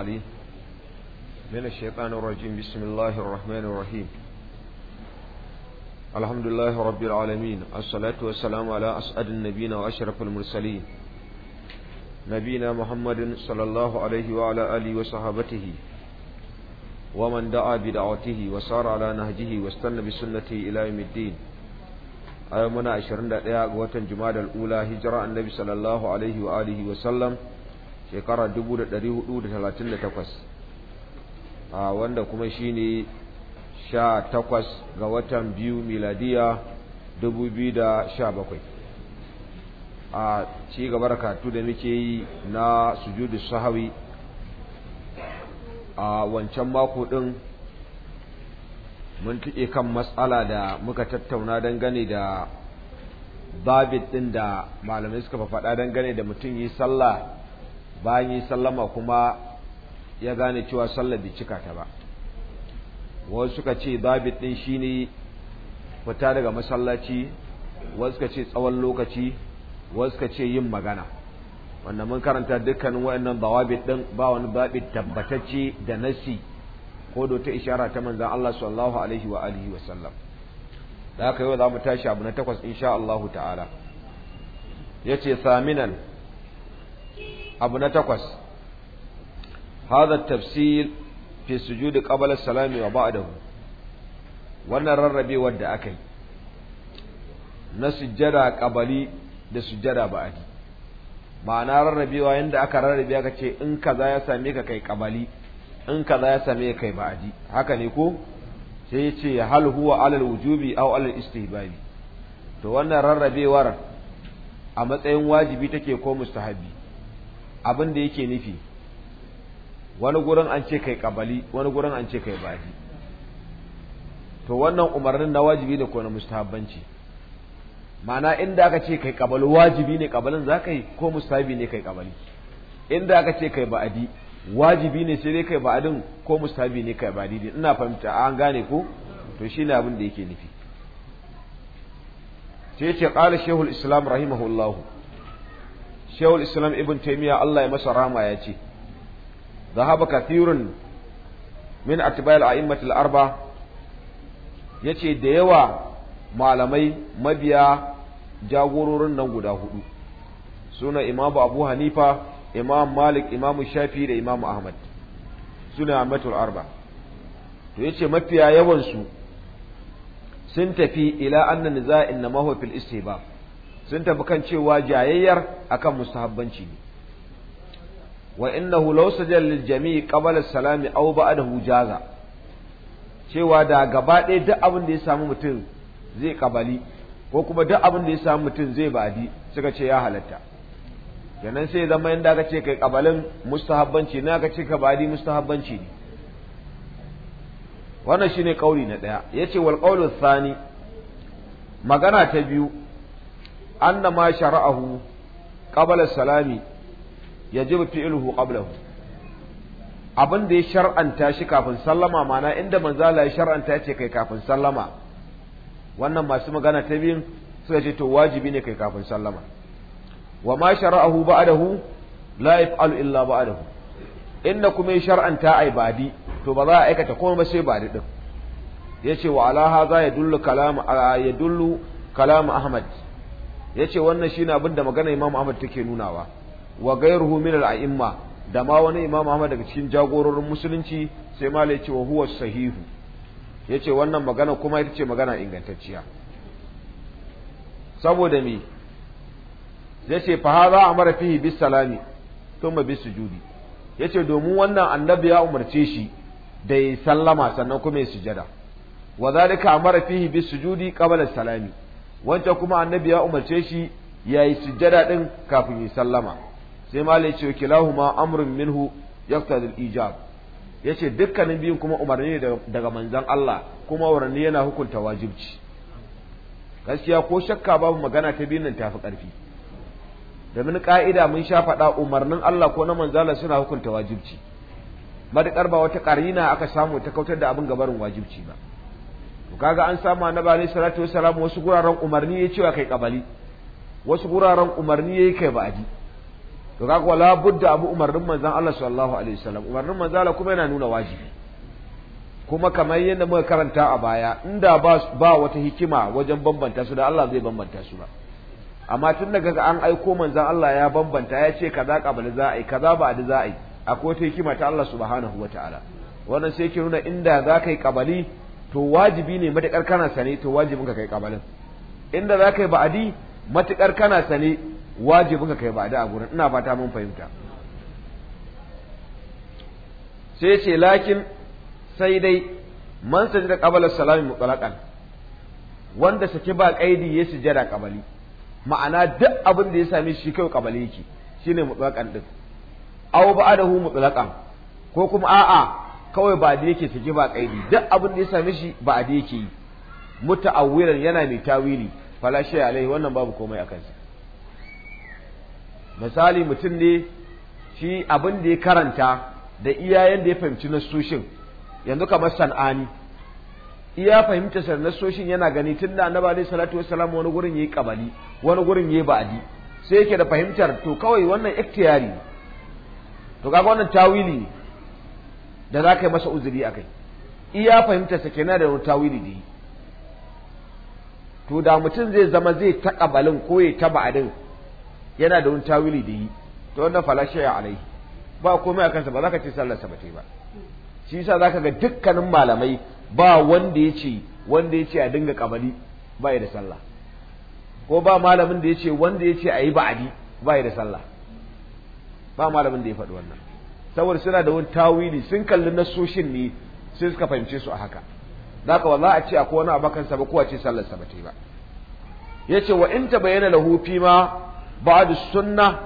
علي من الشيطان الرجيم بسم الله الرحمن الرحيم الحمد لله رب العالمين الصلاة والسلام على أسعد النبيين وأشرف المرسلين نبينا محمد صلى الله عليه وعلى آله وصحابته ومن دعا بدعوته وسار على نهجه واستنى بسنته إلى يوم الدين أيامنا عشرين دقيقة وتنجماد الأولى هجرة النبي صلى الله عليه وآله وسلم shekara 1438 a wanda kuma shi shine 18 ga watan biyu miladiya 2017 a ci gaba da katu da muke yi na sujudu sahawi a wancan mako din mun tuke kan matsala da muka tattauna dangane da babit din da malamai suka faɗa dangane da mutum yi sallah bayan yi sallama kuma ya gane cewa sallar bai cika ta ba wasu suka ce babit din shine fita daga masallaci wasu suka ce tsawon lokaci wasu suka ce yin magana wanda mun karanta dukkanin waɗannan babit din ba wani babit tabbatacce da nasi ko da ta ishara ta manzon Allah sallallahu alaihi wa alihi wa sallam da haka yau za mu tashi abu na takwas insha Allah ta'ala yace saminan abu na takwas hadha tafsir fi sujudi qabla salami wa ba'dahu wannan rarrabewar da aka yi na sujjada qabali da sujjada ba'di ma'ana rarrabewa yanda aka rarrabe aka ce in kaza ya same ka kai qabali in kaza ya same ka kai ba'di haka ne ko sai ya ce hal huwa alal wujubi aw alal istihbabi to wannan rarrabewar a matsayin wajibi take ko mustahabi abin da yake nufi wani gurin an ce kai kabali wani gurin an ce kai baji to wannan umarnin na wajibi ne ko na mustahabbanci ma'ana inda aka ce kai kabali wajibi ne kabalin za ka yi ko mustahabi ne kai kabali inda aka ce kai ba'adi wajibi ne sai dai kai ba'adin ko mustahabi ne kai ba'adi ina fahimta an gane ko to shine abin da yake nufi sai ce qala shehul islam rahimahullahu shehul islam ibn taimiyya Allah ya masa rama ya ce zahaba kathirun min a'immat a'immatil arba yace da yawa malamai mabiya jagororin nan guda hudu suna Imam abu hanifa imam malik imam shafi da imam ahmad suna matul arba to yace mafiya yawansu sun tafi ila anna za'in na mahu fil istihbab sun tafi kan cewa jayayyar akan mustahabbanci ne wa innahu law sajal lil jami'i qabla salami aw ba'dahu jaza cewa da gaba ɗaya duk abin da ya samu mutum zai kabali ko kuma duk abin da ya samu mutum zai ba'adi suka ce ya halatta kenan sai zama yanda aka ce kai kabalin mustahabbanci na aka ce ka ba'adi mustahabbanci ne wannan shine kauli na ɗaya. yace wal qawlu thani magana ta biyu anna ma shara'ahu qabla salami yajibu fi'luhu qablahu abin da ya shar'anta shi kafin sallama mana inda manzala ya shar'anta ya ce kai kafin sallama wannan masu magana ta biyun suka ce to wajibi ne kai kafin sallama wa ma shara'ahu ba'dahu la yaf'alu illa ba'dahu inda kuma ya shar'anta ai badi to ba za a aikata komai ba sai badi din yace wa ala hadha yadullu kalam yadullu kalam ahmad yace wannan shi shine abin da magana Imam Ahmad take nunawa wa ghayruhu humin al'a'imma da ma wani Imam Ahmad daga cikin jagororin musulunci sai malai ce wa huwa sahihu yace wannan magana kuma ita ce magana ingantacciya saboda me yace fa a mara fihi bis salami tun thumma bis sujudi yace domin wannan annabi ya umarce shi da ya sallama sannan kuma ya sujada wa zalika amara fihi bis sujudi qabla salami wancan kuma annabi ya umarce shi ya yi sujjada ɗin kafin yi sallama sai ma ce kilahu ma amrun minhu yaqtadi al-ijab yace dukkanin biyun kuma umarni daga manzan Allah kuma umarni yana hukunta wajibci gaskiya ko shakka babu magana ta biyun nan tafi ƙarfi domin ka'ida mun sha faɗa umarnin Allah ko na manzala suna hukunta wajibci madakar ba wata ƙarina aka samu ta kautar da abin gabarin wajibci ba kaga an samu annabi alaihi salatu wasalam wasu guraren umarni ya cewa kai kabali wasu guraren umarni yayi kai ba'adi to kaga wala budda abu umarnin manzon Allah sallallahu alaihi wasallam umarnin manzon Allah kuma yana nuna wajibi kuma kamar yadda muka karanta a baya inda ba ba wata hikima wajen bambanta su da Allah zai bambanta su ba amma tun daga an aiko manzon Allah ya bambanta ya ce kaza kabali za a yi kaza ba'adi za a yi akwai wata hikima ta Allah subhanahu wataala wannan sai ke nuna inda za ka yi kabali to wajibi ne matukar kana sane to wajibin ka kai kabalin inda za ka yi ba'adi matukar kana sane wajibin ka kai ba'adi a gurin ina fata mun fahimta sai ce lakin sai dai man da kabalar salami mutlaqan wanda sake ba kaidi ya sujada kabali ma'ana duk abin da ya same shi kai kabali yake shine mutlaqan din aw ba'adahu mutlaqan ko kuma a'a kawai ba da yake take ba kaidi duk abin da ya same shi ba da yake yi muta'awwilan yana mai tawili fala shay alai wannan babu komai a kansa misali mutum ne shi abin da ya karanta da iyayen da ya fahimci nasoshin. yanzu kamar san'ani iya fahimta sa nasoshin yana gani tun da annabi alaihi salatu wassalam wani gurin yayi kabali wani gurin yayi ba'adi sai yake da fahimtar to kawai wannan ikhtiyari to kaga wannan tawili ne da za ka yi masa uzuri a kai iya fahimtarsa kenan da wili da yi to da mutum zai zama zai taƙabalin ko ya taɓa adin yana da wani wili da yi to wannan falashe ya alai ba komai a kansa ba za ka ce sallarsa ba ba shi yasa za ka ga dukkanin malamai ba wanda ya ce wanda ya ce a dinga kabali ba ya da sallah ko ba malamin da ya ce wanda ya ce a yi ba'adi ba ya da sallah ba malamin da ya faɗi wannan saboda suna da wani tawili sun kalli nasoshin ne sai suka fahimce su a haka zaka wallahi a ce akwai wani abakan sa ba ko ce sallar sa ba ta ba ce wa in bayyana lahu fi ma ba'd sunna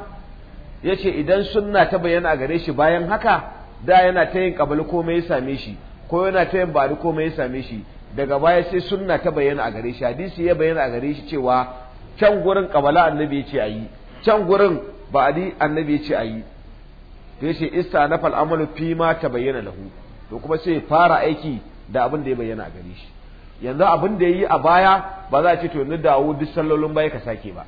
ce idan sunna ta bayyana a gare shi bayan haka da yana ta yin kabali ko mai same shi ko yana ta yin ba'd ko mai same shi daga baya sai sunna ta bayyana a gare shi hadisi ya bayyana a gare shi cewa can gurin kabala annabi ya ce ayi can gurin ba'adi annabi ya ce ayi to yace istanafa amalu fi ma ta bayyana lahu to kuma sai fara aiki da abin da ya bayyana a gare shi yanzu abin da yi a baya ba za a ce to yanzu dawo duk sallolin baya ka sake ba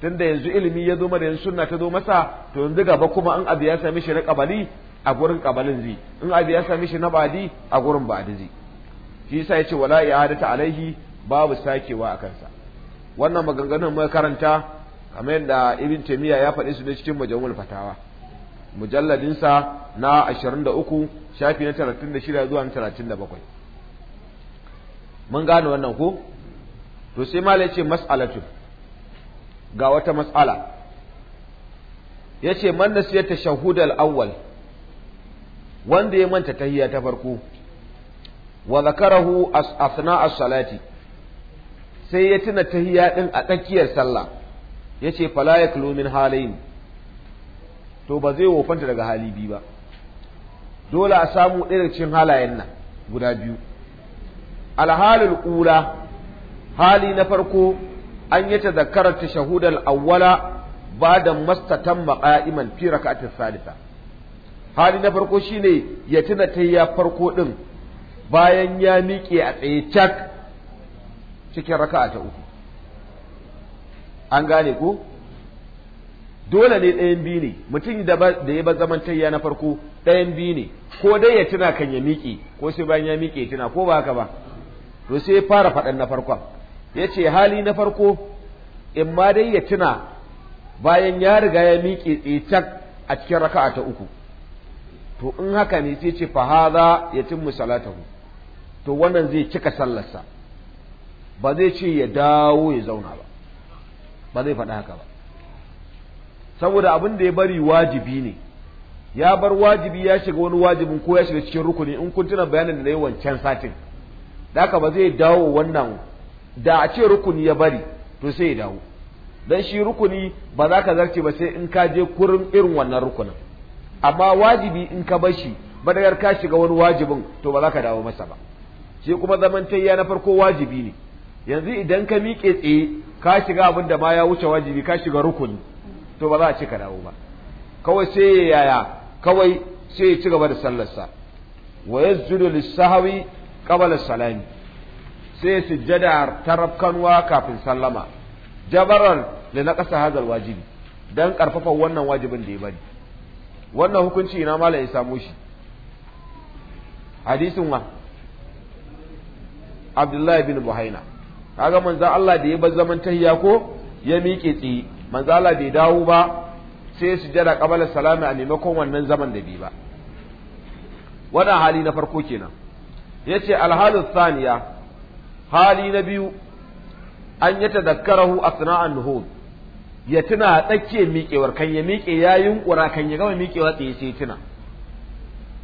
tunda yanzu ilimi ya zo mana yanzu sunna ta zo masa to yanzu gaba kuma in abu ya sami shi na kabali a gurin kabalin zai in abu ya sami shi na badi a gurin badi zai shi yasa ce wala i'adatu alaihi babu sakewa a kansa wannan maganganun mai karanta kamar yadda ibn taymiya ya faɗi su ne cikin majmu'ul fatawa mujalladinsa na 23 shafi na 36 zuwa 37 mun gane wannan ko to sai mala yace mas'alatu ga wata mas'ala yace man nasiya tashahhudal awwal wanda ya manta tahiya ta farko wa zakarahu asna as-salati sai ya tuna tahiya din a tsakiyar sallah yace fala yaklu min halayn to ba zai wofanta daga hali biyu ba dole a samu ɗaya cikin halayen nan guda biyu alhalin ƙula hali na farko an yi ta zakarar ta shahudar awwala ba da mastatan maƙa'iman fi raka'atin salisa hali na farko shine ya tuna ta ya farko ɗin bayan ya miƙe a tsaye cak cikin raka'a ta uku an gane ko dole ne ɗayan biyu ne mutum da ya ba zaman tayya na farko ɗayan biyu ne ko dai ya tuna kan ya miƙe ko sai bayan ya miƙe ya tuna ko ba haka ba to sai ya fara faɗan na farkon ya ce hali na farko in ma dai ya tuna bayan ya riga ya miƙe tsetak a cikin raka'a ta uku to in haka ne sai ce fa ya tun to wannan zai cika sallarsa ba zai ce ya dawo ya zauna ba ba zai faɗa haka ba saboda abin da ya bari wajibi ne ya bar wajibi ya shiga wani wajibin ko ya shiga cikin rukuni in kun tuna bayanin da na yi wancan satin da haka ba zai dawo wannan da a ce rukuni ya bari to sai ya dawo dan shi rukuni ba za ka zarce ba sai in ka je kurin irin wannan rukunin amma wajibi in ka bar shi madagar ka shiga wani wajibin to ba za ka dawo masa ba shi kuma tayya na farko wajibi ne yanzu idan ka miƙe tsaye ka shiga abin da ma ya wuce wajibi ka shiga rukuni to ba za a ce ka dawo ba kawai sai ya yaya kawai sai ya ci gaba da sallarsa wa yasjudu lis-sahwi qabla salami sai ya sujjada tarafkanwa kafin sallama jabaran da na ƙasa hazal wajibi don ƙarfafa wannan wajibin da ya bari wannan hukunci ina mala ya samu shi hadisin wa abdullahi bin buhaina kaga manzo Allah da ya bar zaman tahiya ko ya miƙe tsaye manzo Allah bai dawo ba sai sujada qabala salami a maimakon wannan zaman da bi ba wannan hali na farko kenan yace alhalu thaniya hali na biyu an yatadakkarahu asna an-nuhud ya tuna tsakke miƙewar kan ya miƙe ya yunƙura kan ya gama miƙewa tsaye sai tuna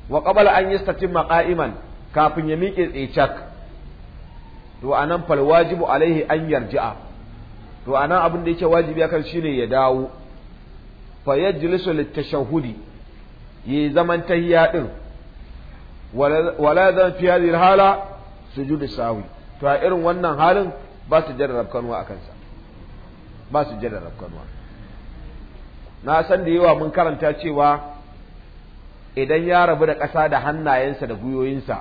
wa qabala an yastatimma qa'iman kafin ya miƙe tsaye do to anan fal wajibu alaihi an yarji'a to anan abin da yake wajibi akan shine ya dawo fa yajlisu litashahhudi yi zaman tahiyya din wala zan fi hadhihi alhala sujud sawi to a irin wannan halin ba su jarrab kanwa akan sa ba su jarrab kanwa na san da yawa mun karanta cewa idan ya rabu da ƙasa da hannayensa da guyoyinsa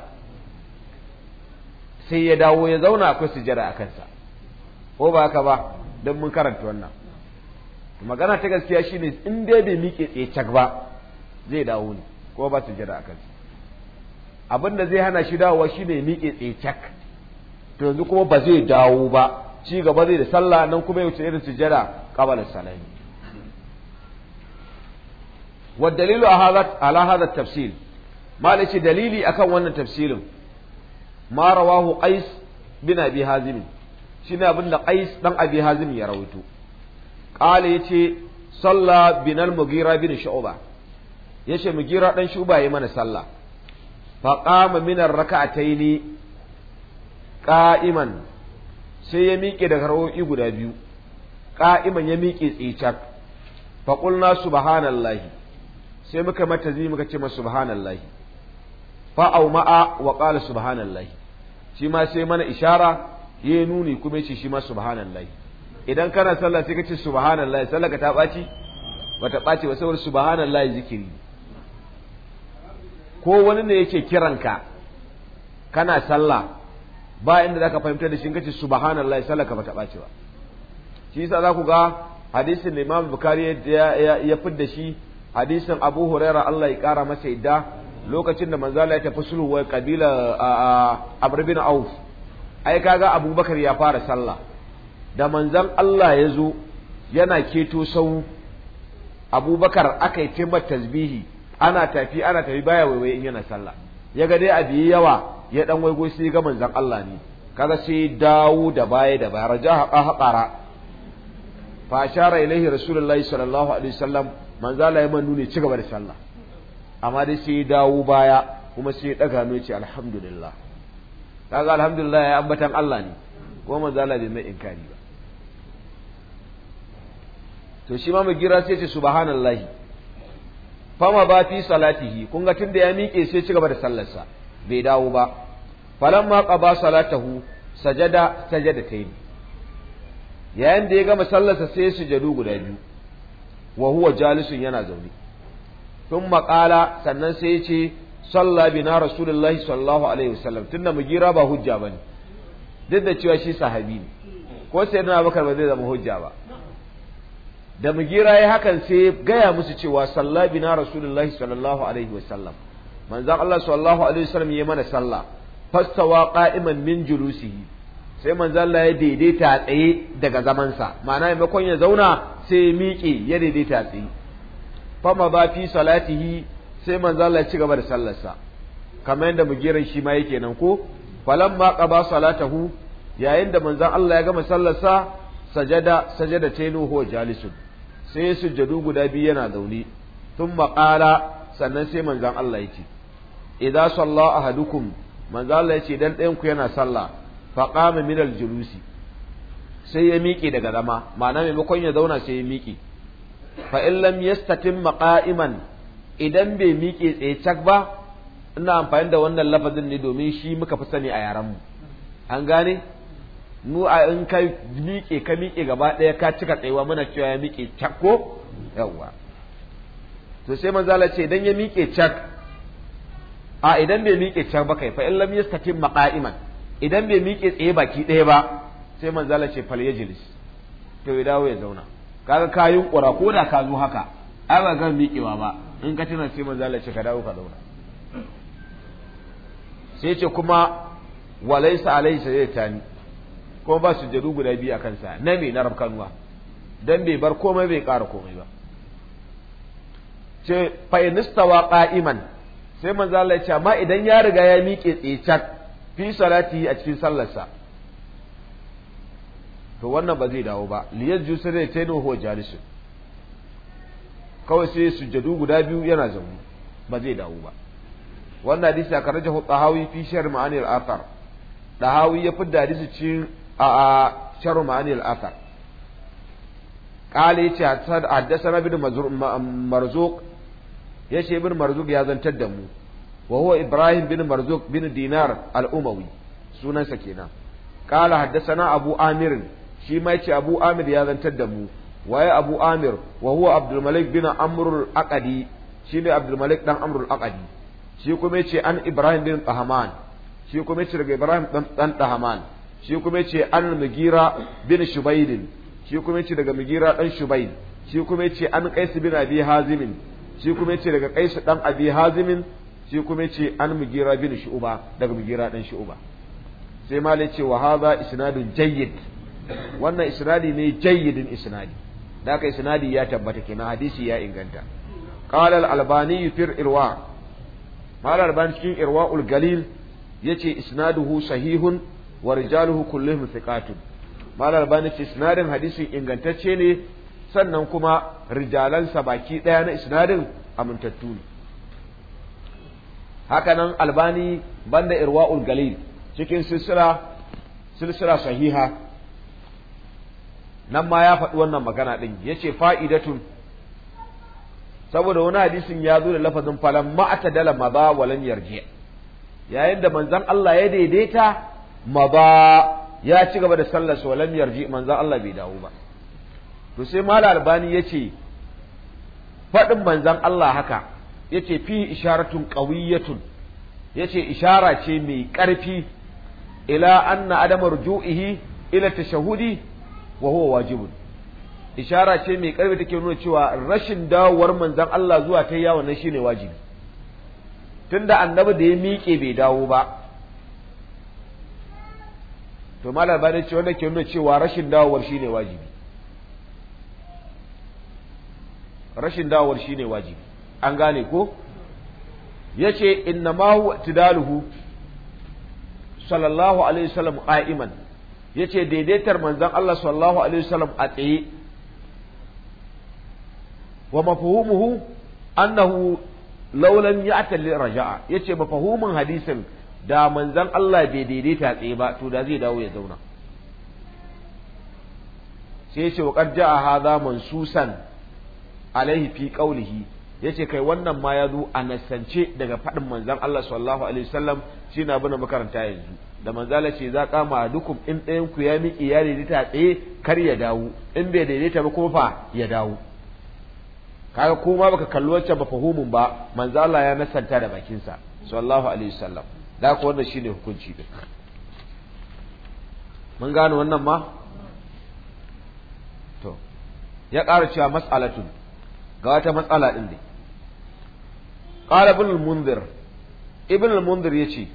sai ya dawo ya zauna akwai sujada a kansa ko ba haka ba don mun karanta wannan magana ta gaskiya shine in dai bai miƙe tsecak ba zai dawo ne ko ba su jira a kansa abin da zai hana shi dawowa shine miƙe tsecak to yanzu kuma ba zai dawo ba ci gaba zai da sallah nan kuma ya wuce irin jira qabala salami wa dalilu ala hadha tafsil malici dalili akan wannan tafsirin ma rawahu qais bin abi hazim shine abin da Qais dan Abi Hazim ya rawaito qala yace salla al Mughira bin Shu'ba yace Mughira dan Shu'ba yayi mana sallah fa qama min ar-rak'ataini qa'iman sai ya miƙe daga rawo'i guda biyu qa'iman ya miƙe tsicak fa qulna subhanallahi sai muka mata zi muka ce masa subhanallahi fa au ma'a wa qala subhanallahi shi ma sai mana ishara ya nuni kuma yace shi ma subhanallahi idan kana sallah sai kace subhanallahi sallah ka ta baci bata baci ba saboda subhanallahi zikiri ko wani ne yake kiranka kana sallah ba inda zaka fahimtar da shi kace subhanallahi sallah ka bata baci ba shi yasa za ku ga hadisin Imam Bukhari ya ya fidda shi hadisin Abu Huraira Allah ya kara masa idda lokacin da manzo Allah ya tafi sulhu wa kabila Amr bin Auf ai kaga abubakar ya fara sallah da manzan Allah ya zo yana keto sau abubakar aka yi timar tasbihi ana tafi ana tafi baya waiwai in yana sallah ya ga dai a biyi yawa ya dan waigo sai ga manzan Allah ne kaga sai dawo da baya da baya raja haƙa haƙara fa ashara ilaihi rasulullahi sallallahu alaihi wasallam manzan Allah ya manu ne ci gaba da sallah amma dai sai dawo baya kuma sai ya daga ce alhamdulillah kaga alhamdulillah ya ambatan Allah ne ko manzo Allah bai mai inkari ba to shi ma mu gira sai ce subhanallahi fama ba fi salatihi kun ga tunda ya miƙe sai ci gaba da sallarsa bai dawo ba falamma qaba salatahu sajada sajada tayi yayin da ya gama sallarsa sai sujadu guda biyu wa huwa jalisun yana zaune thumma maƙala sannan sai ya ce salla bina rasulullahi sallallahu alaihi wasallam tunda mugira ba hujja bane duk da cewa shi sahabi ne ko sai na bakar ba zai zama hujja ba da mugira yayi hakan sai gaya musu cewa salla bina rasulullahi sallallahu alaihi wasallam manzan Allah sallallahu alaihi wasallam yayi mana sallah fastawa qa'iman min julusihi sai manzan Allah ya daidaita tsaye daga zamansa ma'ana maimakon ya zauna sai ya miƙe ya daidaita tsaye fama ba fi salatihi sai manzo Allah ya ci gaba da sallarsa kamar yadda mugiran shi ma yake nan ko falamma qaba salatahu yayin da manzan Allah ya gama sallarsa sajada sajada tainu huwa jalisun sai sujudu guda biyu yana zaune thumma qala sannan sai manzan Allah ya ce idza salla ahadukum manzon Allah ya dan ɗayan ku yana sallah fa qama min al-julusi sai ya miƙe daga zama ma'ana maimakon ya zauna sai ya miƙe fa in lam yastatim maqa'iman idan bai miƙe tsaye cak ba ina amfani da wannan lafazin ne domin shi muka fi sani a yarenmu an gane mu a in ka miƙe ka miƙe gaba ɗaya ka cika tsayuwa muna cewa ya miƙe cak ko yawwa to sai zala ce idan ya miƙe cak a idan bai miƙe cak ba kai fa in lam yastatim maqa'iman idan bai miƙe tsaye baki ɗaya ba sai zala ce fal yajlis to ya dawo ya zauna kaga ka ƙura ko da ka zo haka ai ba ga miƙewa ba in ka tuna sai manzo Allah ce ka dawo ka zauna sai ce kuma walaisa alai tani kuma ba su jadu guda biyu a kansa na me na rabkanwa dan bai bar komai bai ƙara komai ba ce fa inistawa qa'iman sai manzo Allah ya ce amma idan ya riga ya miƙe tsecak fi salati a cikin sallarsa to wannan ba zai dawo ba liyajju sirri tainu huwa jalisun kawai sai sujjadu guda biyu yana zama, ba zai dawo ba wannan hadisi aka rajahu tahawi fi shar ma'ani al-athar dahawi ya fidda hadisi cikin a shar ma'ani al-athar قال يتي حدثنا ابن مرزوق يشي ابن مرزوق يا زنتر دمو وهو إبراهيم بن مرزوق بن دينار الأموي سنة سكينة قال حدثنا Amir, shi شي ما يتي Amir ya يا زنتر mu. waye abu amir wa huwa malik bin al aqadi abdul abdulmalik dan al aqadi shi kuma yace an ibrahim bin tahman shi kuma yace daga ibrahim dan dan tahman shi kuma yace an mugira bin shubayd shi kuma yace daga mugira dan shubayd shi kuma yace an qais bin abi hazim shi kuma yace daga qais dan abi hazim shi kuma yace an mugira bin shu'ba daga mugira dan shu'ba sai malai ce wa hadha isnadun jayyid wannan isnadi ne jayyidin isnadi da kai sinadi ya tabbata kenan hadisi ya inganta qala al-albani fir irwa mal albani cikin ul galil yace isnaduhu sahihun wa rijaluhu kulluhum thiqatun mal albani ce isnadin hadisin ingantacce ne sannan kuma rijalansa baki daya na isnadin amintattu ne nan albani banda ul galil cikin silsila silsila sahiha nan ma ya faɗi wannan magana ɗin ya ce fa'idatun saboda wani hadisin ya zo da lafazin falan ma'ata dala maza walan yarje yayin da manzan Allah ya daidaita maza ya ci gaba da su walan yarje manzan Allah bai dawo ba to sai mala albani ya ce faɗin manzan Allah haka ya ce fi isharatun ƙawiyyatun ya ce ishara ce mai ƙarfi ila anna adama ruju'ihi ila tashahudi wa huwa wajibun ishara ce mai karfi take nuna cewa rashin dawowar manzon Allah zuwa ta yawo nan shine wajibi tunda annabi da ya miƙe bai dawo ba to malam bane ce wanda ke nuna cewa rashin dawowar shine wajibi rashin dawowar shine wajibi an gane ko yace inna ma huwa tidaluhu sallallahu alaihi wasallam qa'iman yace daidaitar manzon Allah sallallahu alaihi wasallam a tsaye wa mafhumuhu annahu laulan ya ya'tal raja'a yace mafahumin hadisin da manzon Allah bai daidaita tsaye ba to da zai dawo ya zauna sai yace wa qad ja'a hadha mansusan alaihi fi qawlihi ya ce kai wannan ma ya zo a nasance daga faɗin manzan Allah sallallahu alaihi wasallam na abin da makaranta yanzu da manzala ce za kama dukum in ɗayan ku ya miƙi ya daidaita tsaye kar ya dawo in bai daidaita ba kuma fa ya dawo kaga ko ma baka kalli wancan ba fahimun ba manzala ya nasanta da bakinsa sallallahu alaihi wasallam da ku wannan shine hukunci din mun gane wannan ma ya ƙara cewa mas'alatun ga wata matsala ɗin ne Ƙara ibn al ibn al ya yace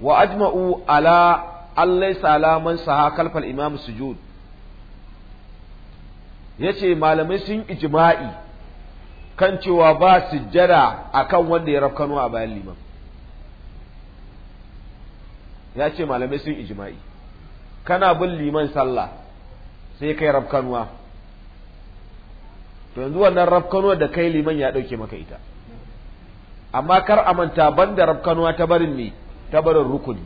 wa ajma'u ala allai salaman saha kalfal imam sujud yace malamai sun ijma'i kan cewa ba a akan wanda ya rafkano a bayan liman ya ce malamai sun ijma'i kana bin liman sallah sai kai rafkanuwa to yanzu wannan rafkanuwa da kai liman ya ɗauke maka ita amma kar a manta ban da rafkanuwa ta barin ne ta barin rukuni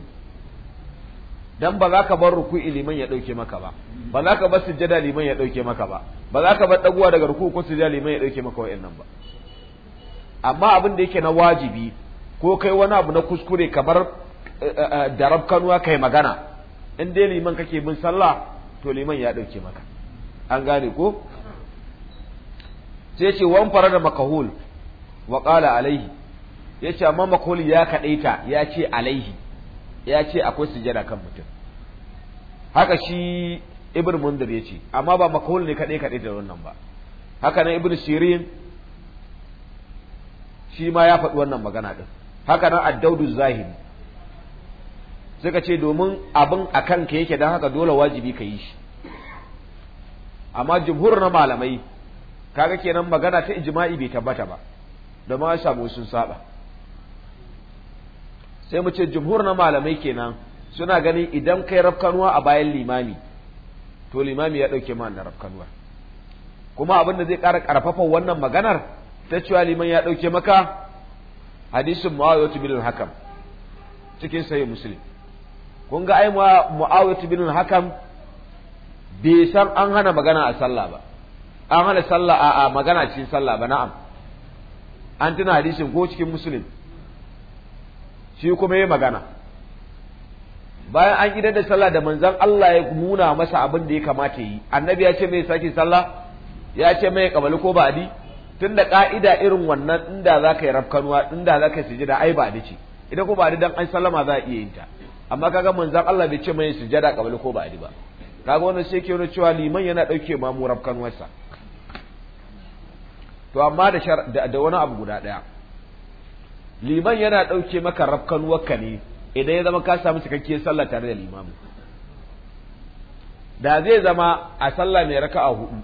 dan ba za ka bar ruku'i liman ya ɗauke maka ba ba za ka bar sujjada liman ya ɗauke maka ba ba za ka bar ɗaguwa daga ruku'u ko sujjada liman ya ɗauke maka wa'annan ba amma abin da yake na wajibi ko kai wani abu na kuskure kamar eh, eh, eh, da rafkanuwa kai magana in dai liman kake bin sallah to liman ya ɗauke maka an gane ko sai ya ce wan makahol makahul wa qala alaihi ya ce amma makahul ya kadaita ya ce alaihi ya ce akwai sujada kan mutum haka shi ibn mundir ya ce amma ba makahul ne kadai kadai da wannan ba haka nan ibn shirin shi ma ya faɗi wannan magana din haka nan addaudu zahiri suka ce domin abin a kanka yake don haka dole wajibi ka yi shi amma jumhur na malamai kaga kenan magana ta ijma'i bai tabbata ba da ma samu sun saba sai mu ce jumhur na malamai kenan suna ganin idan kai rafkanuwa a bayan limami to limami ya dauke ma na rafkanuwa kuma abin da zai ƙara karfafa wannan maganar ta cewa liman ya dauke maka hadisin muawiyatu bin hakam cikin sahih muslim kun ga ai muawiyatu bin hakam bai san an hana magana a sallah ba amala sallah a a magana cikin sallah ba na'am an tuna hadisin ko cikin musulun shi kuma ya magana bayan an idar da sallah da manzan Allah ya nuna masa abin da ya kamata yi annabi ya ce mai sake sallah ya ce mai kabali ko ba'adi tun da ka'ida irin wannan inda za ka yi rafkanuwa inda za ka yi sujada ai di ce idan ko di dan an sallama za a iya yin ta amma kaga manzan Allah bai ce mai sujada kabali ko di ba kaga wannan sai ke wani cewa liman yana dauke ma mu rafkanuwarsa to amma da da wani abu guda daya liman yana dauke maka waka ne idan ya zama ka samu cikakkiyar sallah tare da limamu da zai zama a sallah mai raka'a hudu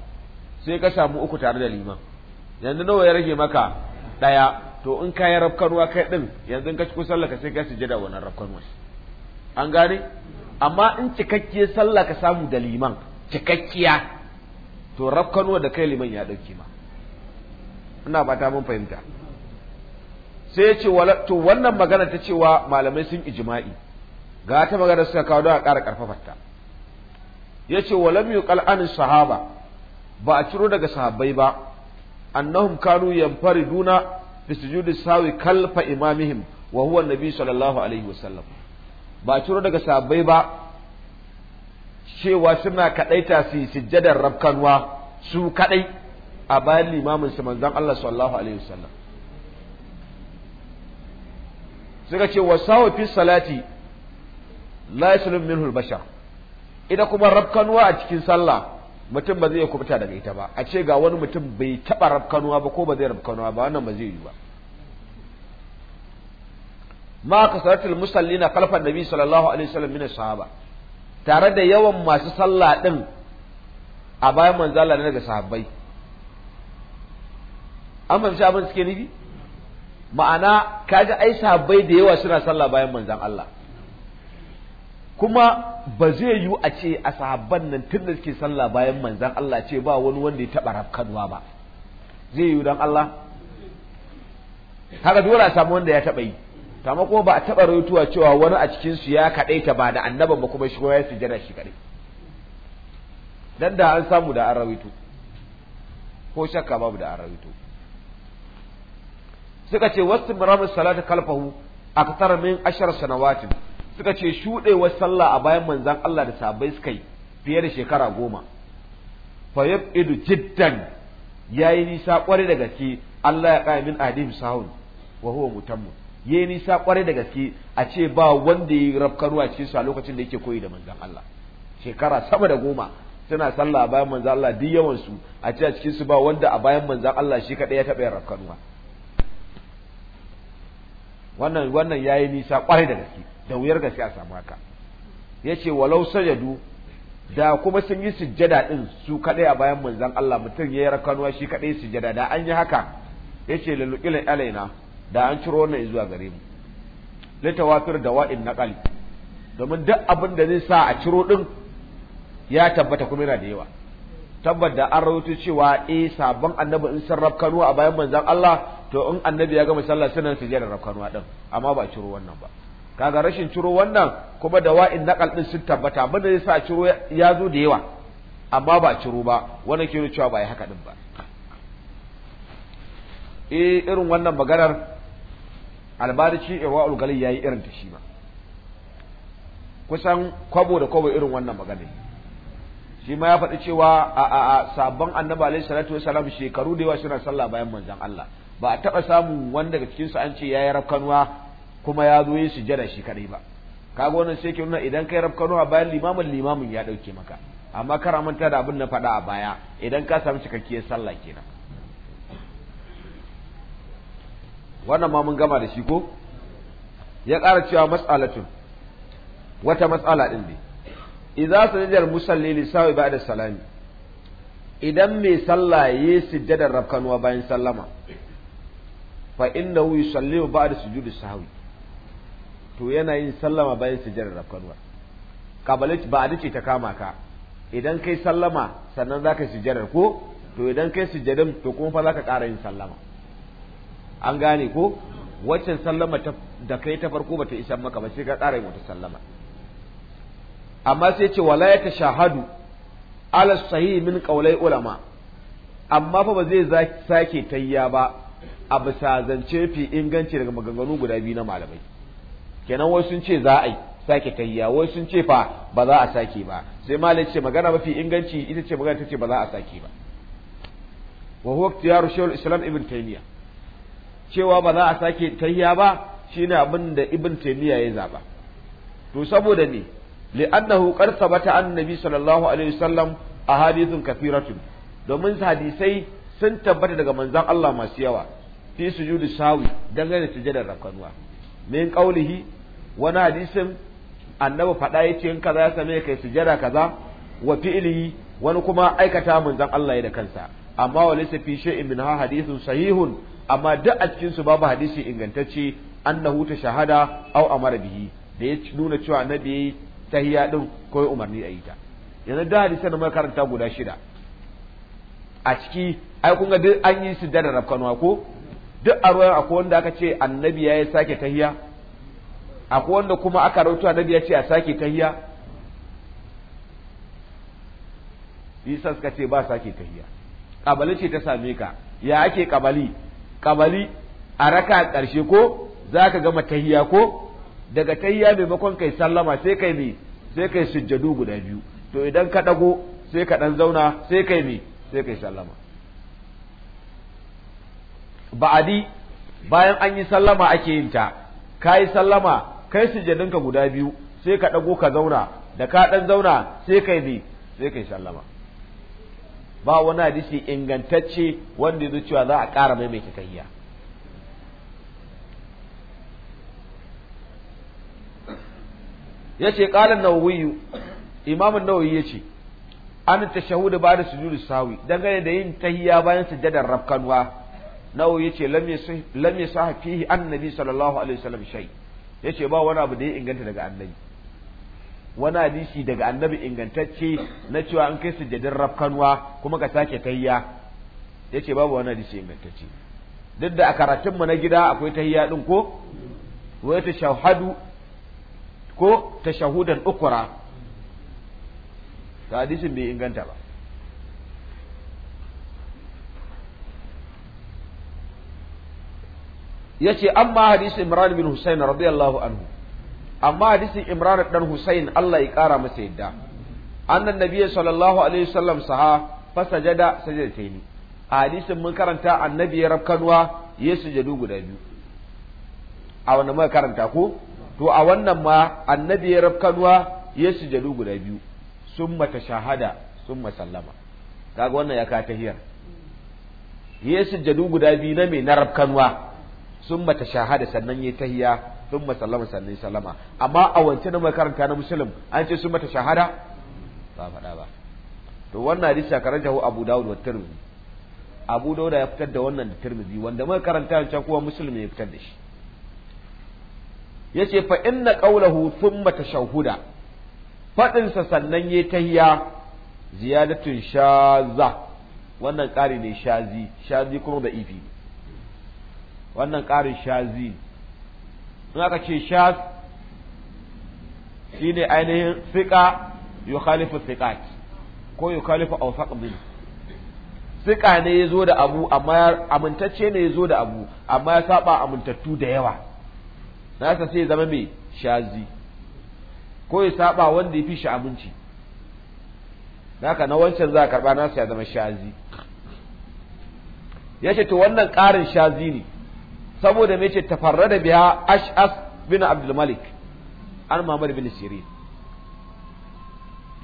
sai ka samu uku tare da liman yanzu nawa ya rage maka ɗaya to in ka yi rafkan kai ɗin yanzu ka cikin sallah ka sai ka sujada wannan rafkanuwa an gane amma in cikakkiyar sallah ka samu da liman cikakkiya to rafkanuwa da kai liman ya dauke ma ina fata mun fahimta sai ya ce to wannan magana ta cewa malamai sun ijma'i ga ta magana suka kawo don a ƙara ƙarfafarta ya ce lam yuqal an sahaba ba a ciro daga sahabbai ba annahum kanu yanfariduna fi sujudi sawi kalfa imamihim wa huwa nabi sallallahu alaihi wasallam ba a ciro daga sahabbai ba cewa suna kadaita su sujjadar rabkanwa su kadai a bayan limamin sa manzon Allah sallallahu alaihi wasallam suka ce sawa fi salati la yaslim minhu al-bashar Ina kuma rabkanuwa a cikin sallah mutum ba zai kubuta daga ita ba a ce ga wani mutum bai taba rabkanuwa ba ko ba zai rabkanuwa ba wannan ba zai yi ba ma kasaratul musallina kalfan nabi sallallahu alaihi wasallam min sahaba tare da yawan masu sallah din a bayan manzo Allah daga sahabbai an fahimci abin suke nufi ma'ana kaji ai sahabbai da yawa suna sallah bayan manzan Allah kuma ba zai yiwu a ce a sahabban nan tun da suke sallah bayan manzan Allah ce ba wani wanda ya taɓa rafkanwa ba zai yiwu don Allah haka dole a samu wanda ya taɓa yi ma kuma ba a taɓa rautuwa cewa wani a cikinsu ya kaɗaita ba da annaban ba kuma shi ya sujada shi kaɗai dan da an samu da an rawaito ko shakka babu da an rawaito suka ce wasu muramus salatu kalfahu aktar min ashar sanawatin suka ce shuɗe wa sallah a bayan manzan Allah da sabai suka yi fiye da shekara goma fa idu jiddan yi nisa kware da gaske Allah ya qa'imin adim sahun wa huwa mutammu yi nisa kware da gaske a ce ba wanda ya yayi rafkanuwa cikin sa lokacin da yake koyi da manzan Allah shekara sama da goma suna sallah a bayan manzan Allah duk yawansu a ce a cikin ba wanda a bayan manzan Allah shi kadai ya taɓa yin rafkanuwa wannan wannan yayi nisa kwarai da gaske da wuyar gaske a samu haka yace walau sajadu da kuma sun yi sujjada din su kadai a bayan manzon Allah mutum yayi rakanuwa shi kadai sujjada da an yi haka yace lilqila alaina da an ciro wannan zuwa gare mu da dawa'in naqal domin duk abin da zai sa a ciro din ya tabbata kuma yana da yawa tabbata an rawaito cewa eh sabon annabi in sarrafa rafkanuwa a bayan manzon Allah to in annabi ya gama sallah sunan jira rafkanuwa din amma ba a ciro wannan ba kaga rashin ciro wannan kuma da wa'in naqal din sun tabbata ba da yasa ciro ya zo da yawa amma ba ciro ba wani ke cewa ba yi haka din ba eh irin wannan maganar albarici irwa'ul galil yayi irin ta shi ma kusan kwabo da kwabo irin wannan magana shi ma ya faɗi cewa a a sabon annabi alaihi salatu wasalam shekaru da yawa suna sallah bayan manzon Allah ba a taɓa samun wani daga cikinsu an ce ya yi rafkanuwa kuma ya zo yin sujjada shi kadai ba kaga wannan sai ke nuna idan kai rafkanuwa bayan limamin limamin ya ɗauke maka amma kara manta da abin na faɗa a baya idan ka samu cikakkiyar sallah kenan wannan ma mun gama da shi ko ya ƙara cewa mas'alatun wata matsala ɗin ne idza sajadar musalli li ba da salami idan mai sallah yayi sujjadar rafkanuwa bayan sallama fa yusalli yusallimu ba'da sujudi sahwi to yana yin sallama bayan sujjar rafkanwa kabalit ba da ce ta kama ka idan kai sallama sannan zaka sujudar ko to idan kai sujjadin to kuma fa zaka ƙara yin sallama an gane ko waccan sallama da kai ta farko bata isa maka ba sai ka ƙara yin wata sallama amma sai ce wala ya tashahadu ala sahih min qaulai ulama amma fa ba zai sake tayya ba a bisa zance fi inganci daga maganganu guda biyu na malamai kenan wai sun ce za a yi sake tahiya wai sun ce fa ba za a sake ba sai malik ce magana mafi inganci ita ce magana ta ce ba za a sake ba wa huwa tiyaru shaul islam ibn taymiya cewa ba za a sake tahiya ba shine abin da ibn taymiya ya zaba to saboda ne li'annahu qad sabata annabi sallallahu alaihi wasallam ahadithun kathiratun domin hadisai sun tabbata daga manzan Allah masu yawa fi su da sawi dangane da sujudar rakanuwa min ƙaulihi wani hadisin annabi faɗa ya yin kaza ya same kai sujada kaza wa fi'lihi wani kuma aikata manzan Allah ya da kansa amma wa laysa fi shay'in min ha hadithun sahihun amma duk a cikin su babu hadisi ingantacce annahu ta shahada aw amara bihi da ya nuna cewa annabi yayi tahiyya din ko umarni a yi ta. yanzu da hadisan da muka karanta guda shida a ciki ai kun ga duk an yi su da rafkanuwa ko duk a ruwan akwai wanda aka ce annabi ya yi sake tahiya akwai wanda kuma aka rautu annabi ya ce a sake tahiya isa suka ce ba sake tahiya kabali ce ta same ka ya ake kabali kabali a raka ƙarshe ko za ka gama tahiya ko daga tahiya maimakon kai sallama sai kai ne sai kai sujjadu guda biyu to idan ka ɗago sai ka ɗan zauna sai kai me. sai kai sallama ba'adi bayan an yi sallama ake yin ta yi sallama kai su sujjadinka guda biyu sai ka ɗago ka zauna da ka ɗan zauna sai kai bi sai kai sallama ba wani hadisi ingantacce wanda ya cewa za a ƙara mai mai kikayya ya ce ƙalin nawawiyu imamun nawawi ya ce an tashahudu ba da sujudu sawi dangane da yin tahiyya bayan sujjadar rafkanwa nawo yace lam yasah fihi annabi sallallahu alaihi wasallam shay yace ba wani abu da ya inganta daga annabi wani hadisi daga annabi ingantacce na cewa an kai sujjadar rafkanwa kuma ka sake tahiyya yace babu wani hadisi ingantacce duk da a karatun mu na gida akwai tahiyya din ko wa tashahadu ko tashahudan ukura ta hadisin bai inganta ba Ya ce amma hadisin Imran bin Husayn radiyallahu anhu amma hadisin Imran dan Husayn Allah ya kara masa yadda annan nabiyyi sallallahu alaihi wasallam saha fasajada sajadataini a hadisin mun karanta annabi ya rafkanwa ya sujadu guda biyu a wannan muka karanta ko to a wannan ma annabi ya rafkanwa ya sujadu guda biyu summa shahada summa sallama kaga wannan ya ka tahiyar yayi sujjadu guda biyu na me na rabkanwa summa shahada sannan yayi tahiya summa sallama sannan ya sallama amma a wancan da makaranta na muslim an ce summa shahada? ba faɗa ba to wannan hadisi ya karanta hu Abu Dawud wa Tirmidhi Abu Dawud ya fitar da wannan da Tirmidhi wanda muka karanta ce kuwa Muslim ne ya fitar da shi yace fa inna qawluhu thumma tashahhuda faɗinsa sannan ya tahiya ziyadatun shaza wannan ƙari ne shazi shazi kuma da ifi wannan ƙarin shazi in aka ce shaz shine ainihin fiƙa khalifu fiƙat ko khalifu awsaq din fiƙa ne ya zo da abu amma amintacce ne ya zo da abu amma ya saba amintattu da yawa na sai zama mai shazi ko ya saba wanda ya fi shi aminci haka na wancan za a karɓa nasu ya zama shazi ya ce to wannan ƙarin shazi ne saboda mai ce tafarra da biya ash'as bin abdulmalik an mamar bin sirin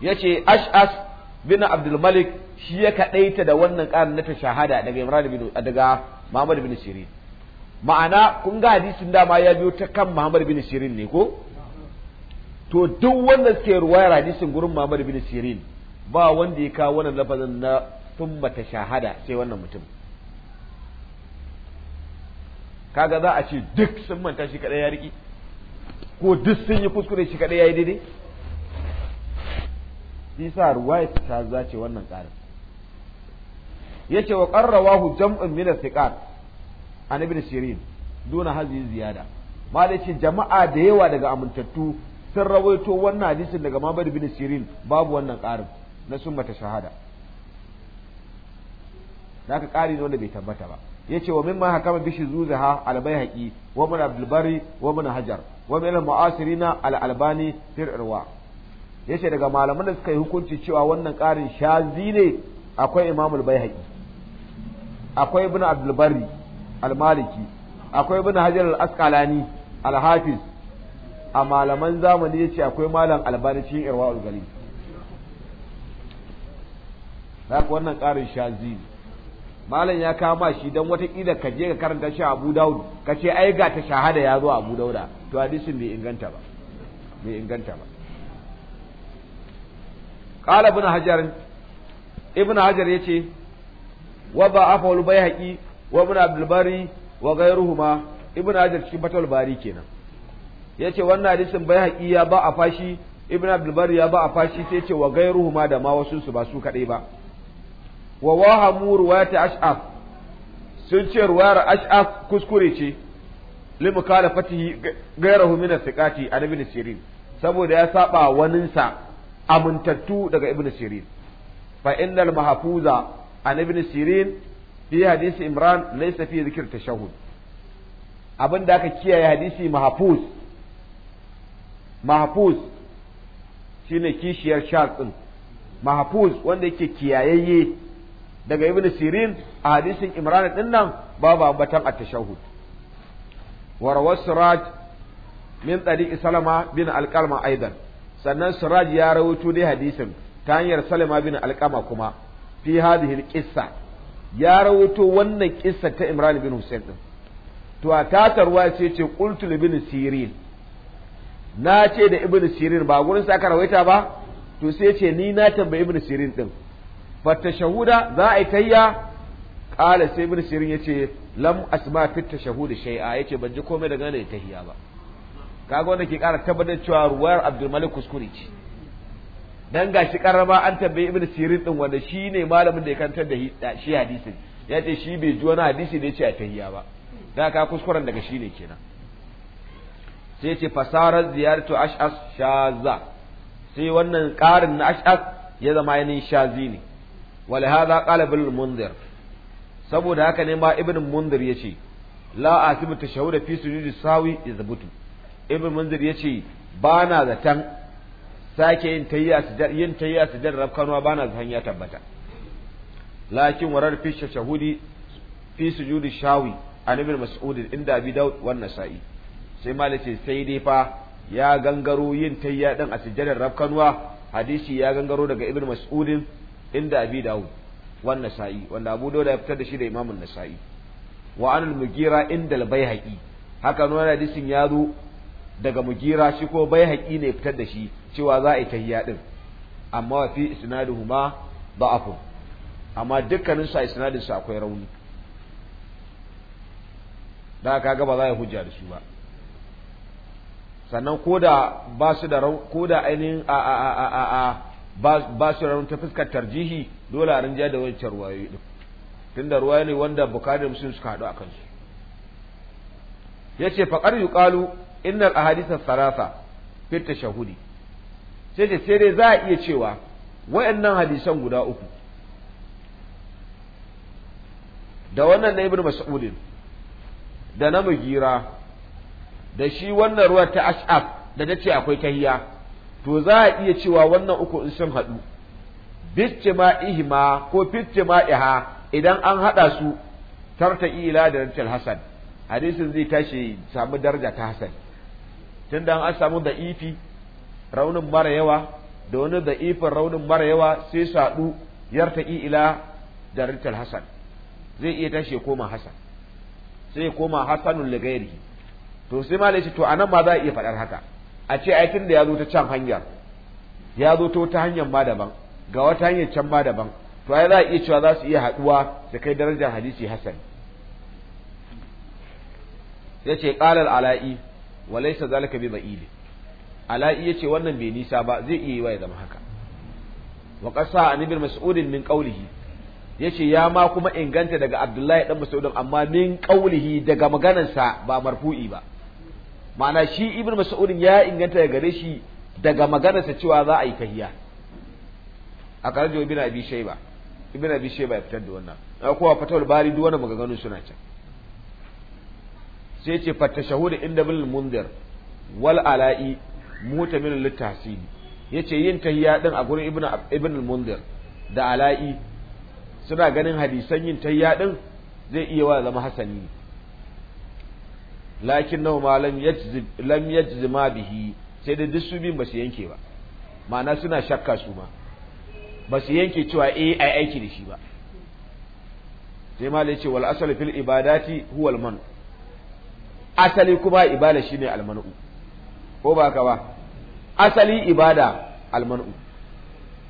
ya ce ash'as bin abdulmalik shi ya kaɗaita da wannan ƙarin nata shahada daga imran bin daga mamar bin sirin ma'ana kun ga hadisin dama ya biyo ta kan mamar bin sirin ne ko to duk wanda suke ruwaya hadisin gurin Muhammad bin Sirin ba wanda ya kawo wannan lafazin na thumma shahada sai wannan mutum kaga za a ce duk sun manta shi kadai ya riki ko duk sun yi kuskure shi kadai ya yi daidai sa ruwaya ta zace wannan ƙarin yace wa qarrawahu jam'un min al-thiqat an ibn sirin duna hazi ziyada malai ce jama'a da yawa daga amintattu sun rawaito wannan hadisin daga mabar bin Sirin babu wannan ƙarin na mata shahada aka ƙari ne wanda bai tabbata ba Ya ce wa min mimma hakama zuza ha albai haƙi, wa min abdulbari wa min hajar wa min al mu'asirina al albani fir irwa yace daga malaman da suka yi hukunci cewa wannan ƙarin shazi ne akwai imamul bai haƙi, akwai bin abdulbari al maliki akwai ibn hajar al asqalani al hafiz a malaman zamani ya ce akwai malam albani cikin irwa Za haka wannan ƙarin shazi malam ya kama shi don watakila ka je ka karanta shi abu daud ka ce ai ga ta shahada ya zo abu dauda to hadisin bai inganta ba bai inganta ba qala ibn hajar ibn hajar yace wa ba'afa bai bayhaqi wa ibn abdul wa wa ghayruhuma ibn hajar cikin fatul bari kenan ya ce wannan hadisin bai haƙi ya ba a fashi ibn abdulbar ya ba a fashi sai ce wa gairuhu ma da ma wasu su ba su kaɗai ba wa wahamu ta ash'af sun ce ruwayar ash'af kuskure ce limu kala fatihi gairahu min sikati an ibn sirin saboda ya saba waninsa amintattu daga ibn sirin fa innal mahfuza an ibn sirin fi hadisi imran laysa fi dhikr tashahhud abin aka kiyaye hadisi mahfuz mahfuz shine kishiyar shaq mahfuz wanda yake kiyayayye daga ibnu sirin a hadisin imran din nan babu ambatan at-tashahhud wa rawasraj siraj min tariq salama bin alqalma aidan sannan siraj ya rawaito dai hadisin ta hanyar salama bin alqama kuma fi hadhihi al-qissa ya rawaito wannan kissa ta imran bin husain din to a tatarwa sai ce qultu bin sirin na ce da ibnu sirin ba gurin sa ka rawaita ba to sai ce ni na tambayi ibnu sirin din fatta shahuda za a yi tayya kala sai ibnu sirin yace lam asma fitta shahuda shay'a yace ban ji komai daga ne tahiya ba kaga wanda ke kara tabbatar cewa ruwayar abdul malik kuskure ce dan gashi karama an tambayi ibnu sirin din wanda shine malamin da ya kantar da shi hadisin yace shi bai ji wani hadisi da ce a tahiya ba da ka kuskuren daga shi ne kenan sai ce fasarar ziyartu ash'as shaza sai wannan ƙarin na ash'as ya zama yanin shazi ne wal haza qala bil munzir saboda haka ne ma ibn munzir yace la asibu da fi sujudi sawi izbutu ibn munzir yace ba na zaton sake yin tayya sujud yin tayya sujud ba na zaton ya tabbata lakin warar fi shahudi fi sujudi shawi an ibn mas'ud inda bi daud wannan sa'i. sai malice ce sai dai fa ya gangaro yin tayya din a sujjadar rafkanwa hadisi ya gangaro daga ibnu mas'udin inda abi dawud wannan sa'i wanda abu dawud ya fitar da shi da imamun nasa'i wa an mugira inda al-baihaqi haka nan hadisin ya zo daga mugira shi ko bayhaqi ne fitar da shi cewa za a yi tayya din amma fi isnaduhuma da'afun amma dukkanin sa a isnadin sa akwai rauni da kaga ba za a hujja da su ba sannan koda ba su da koda ainihin a a a a a ba su rauni ta fuskar tarjihi dole a jiya da wancan ruwayoyi din tunda ruwaye ne wanda bukari muslim suka haɗu a kansu yace faqar yuqalu innal ahadith thalatha fi tashahudi sai da sai dai za a iya cewa wayannan hadisan guda uku da wannan na ibnu mas'udin da na mugira da shi wannan ruwa ta ash'af da ce akwai kahiya, to za a iya cewa wannan uku in sun haɗu bijtima'ihima ko ma iha, idan an haɗa su tarta ila da rancin hasan hadisin zai tashi samu daraja ta hasan tunda an samu da ifi raunin mara yawa da wani da ifin raunin mara yawa sai saɗu yarta ila da rancin hasan zai iya tashi koma hasan sai koma hasanun ligairihi to sai ma ce to anan ma za a iya faɗar haka a ce ai tun da ya zo ta can hanyar ya zo ta hanyar ma daban ga wata hanyar can ma daban to ai za a iya cewa za su iya haɗuwa su kai darajar hadisi hasan ya ce ƙalar ala'i wa laisa zalika bi ba'ili ala'i ya ce wannan bai nisa ba zai iya yi wa ya zama haka wa ƙasa a nibir mas'udin min ƙaulihi ya ce ya ma kuma inganta daga abdullahi ɗan mas'udin amma min ƙaulihi daga maganansa ba marfu'i ba ma'ana shi ibn mas'ud ya inganta daga gare shi daga maganarsa cewa za a yi kahiya. a karajo ibn abi shayba ibn abi shayba ya fitar da wannan na kowa fatawul bari duk wannan maganganun suna can sai ce fatta shahuda inda bil munzir wal ala'i mutamin littahsini yace yin tahiya din a gurin ibn ibn munzir da ala'i suna ganin hadisan yin tahiya din zai iya wa zama hasani lakin nau ma lam yajzi ma bihi sai dai duk su bin ba su yanke ba ma'ana suna shakka su ma ba su yanke cewa eh ai aiki da shi ba sai ma ce wal asal fil ibadati huwa al man asali kuma ibada shine al man'u ko ba ka ba asali ibada al man'u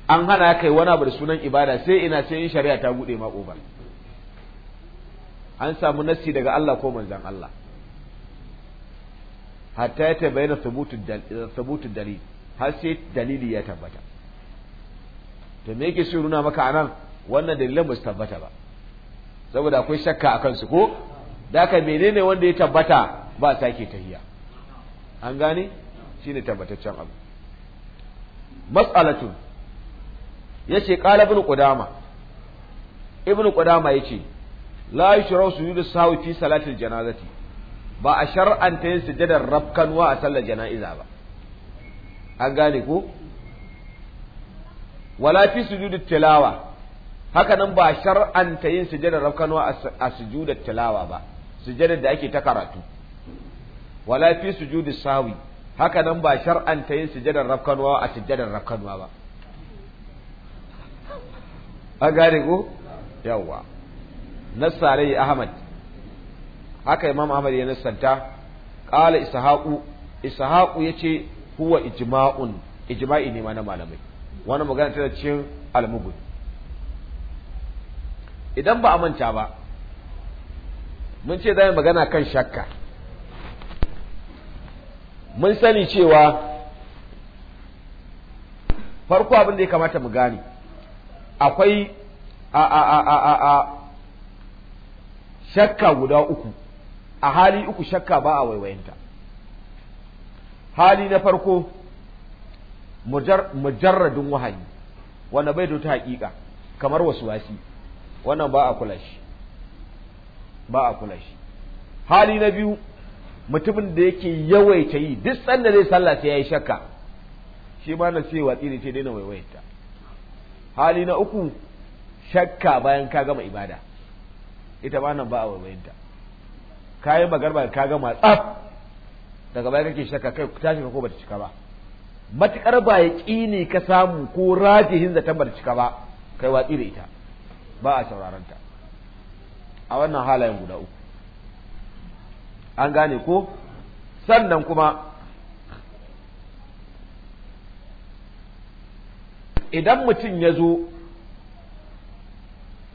an hana kai wani abu da sunan ibada sai ina sai in shari'a ta bude ma ba. an samu nassi daga Allah ko manzon Allah hatta ya tabayyana sabutun dalil har sai dalili ya tabbata to me yake so nuna maka anan wannan dalilin ba su tabbata ba saboda akwai shakka a kansu ko da ka menene wanda ya tabbata ba sake tahiya an gane ne tabbataccen abu mas'alatu yace qala ibn ƙudama ibn ya ce la su sujudu sahwi fi salatin janazati ba a shar'anta yin sujadar rafkanwa a sallar jana'iza ba an gane ko wala fi sujudu tilawa haka nan ba shar'anta yin sujadar rafkanwa a sujudar tilawa ba sujadar da ake ta karatu wala fi sujudu sawi haka nan ba shar'anta yin sujadar rafkanwa a sujadar rafkanwa ba an gane ko yawwa nasarai ahmad haka imam ahmad ya nassanta qala ishaqu ishaqu yace huwa ijma'un ijma'i ne ma na malamai wannan magana ta cikin almugun idan ba a manta ba mun ce zai magana kan shakka mun sani cewa farko abin da ya kamata mu gane akwai a a a a a shakka guda uku a hali uku shakka ba a waiwayinta hali na farko mujarradin wahayi wanda bai da ta haƙiƙa kamar wasu wasi wannan ba a kula shi ba a kula shi hali na biyu mutumin da yake yawaita yi duk sanda zai sallah sai yayi shakka shi ma na sai watsi ne sai daina waiwayinta hali na uku shakka bayan ka gama ibada ita ba nan ba a waiwayinta kayan magarba ka gama tsaf daga baya kake shaka kai ta shiga ko bata cika ba matukar ba ya ne ka samu ko rajihin zaton bata cika ba kai watsi da ita ba a sauraron ta a wannan halayen guda uku an gane ko sannan kuma idan mutum ya zo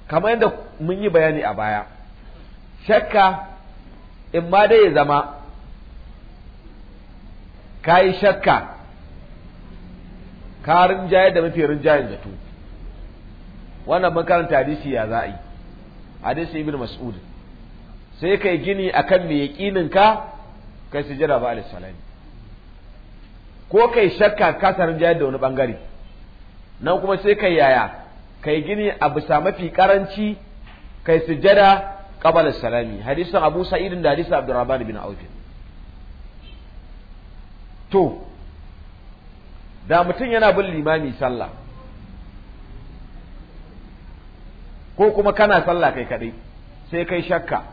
kamar yadda mun yi bayani a baya shakka in ma dai ya zama ka yi shakka ka rinjaye da mafi rinjayen zato wannan makaranta hadisi ya za a yi hadisi ibn mas'ud sai kai gini akan mai yaqinin ka kai jira ba alayhi ko ko kai shakka ka sarin jayar da wani bangare nan kuma sai kai yaya kai gini a bisa mafi karanci kai sujada السلامي salami hadisin Abu Sa'id da عبد الرحمن bin عوف to da mutum yana bin limami sallah ko kuma kana sallah kai kadai sai kai shakka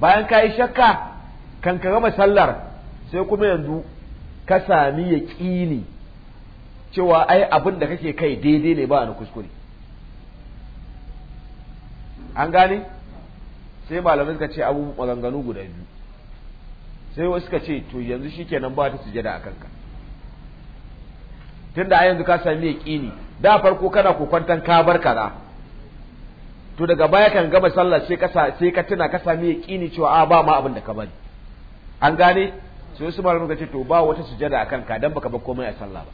bayan ka yi shakka kan ka gama sallar sai kuma yanzu ka sami yaƙini cewa ai abin da kake kai daidai ne ba na kuskure an gane sai malamai suka ce abubu maganganu guda biyu sai wasu suka ce to yanzu shi kenan ba ta sujada a kanka tunda a yanzu ka sami ya ni da farko kana kokwantan ka bar kaza to daga baya kan gama sallah sai ka tuna ka tuna ka sami ni cewa a ba ma abin da ka bari an gane sai wasu malamai suka ce to ba wata sujada a kanka dan baka bar komai a sallah ba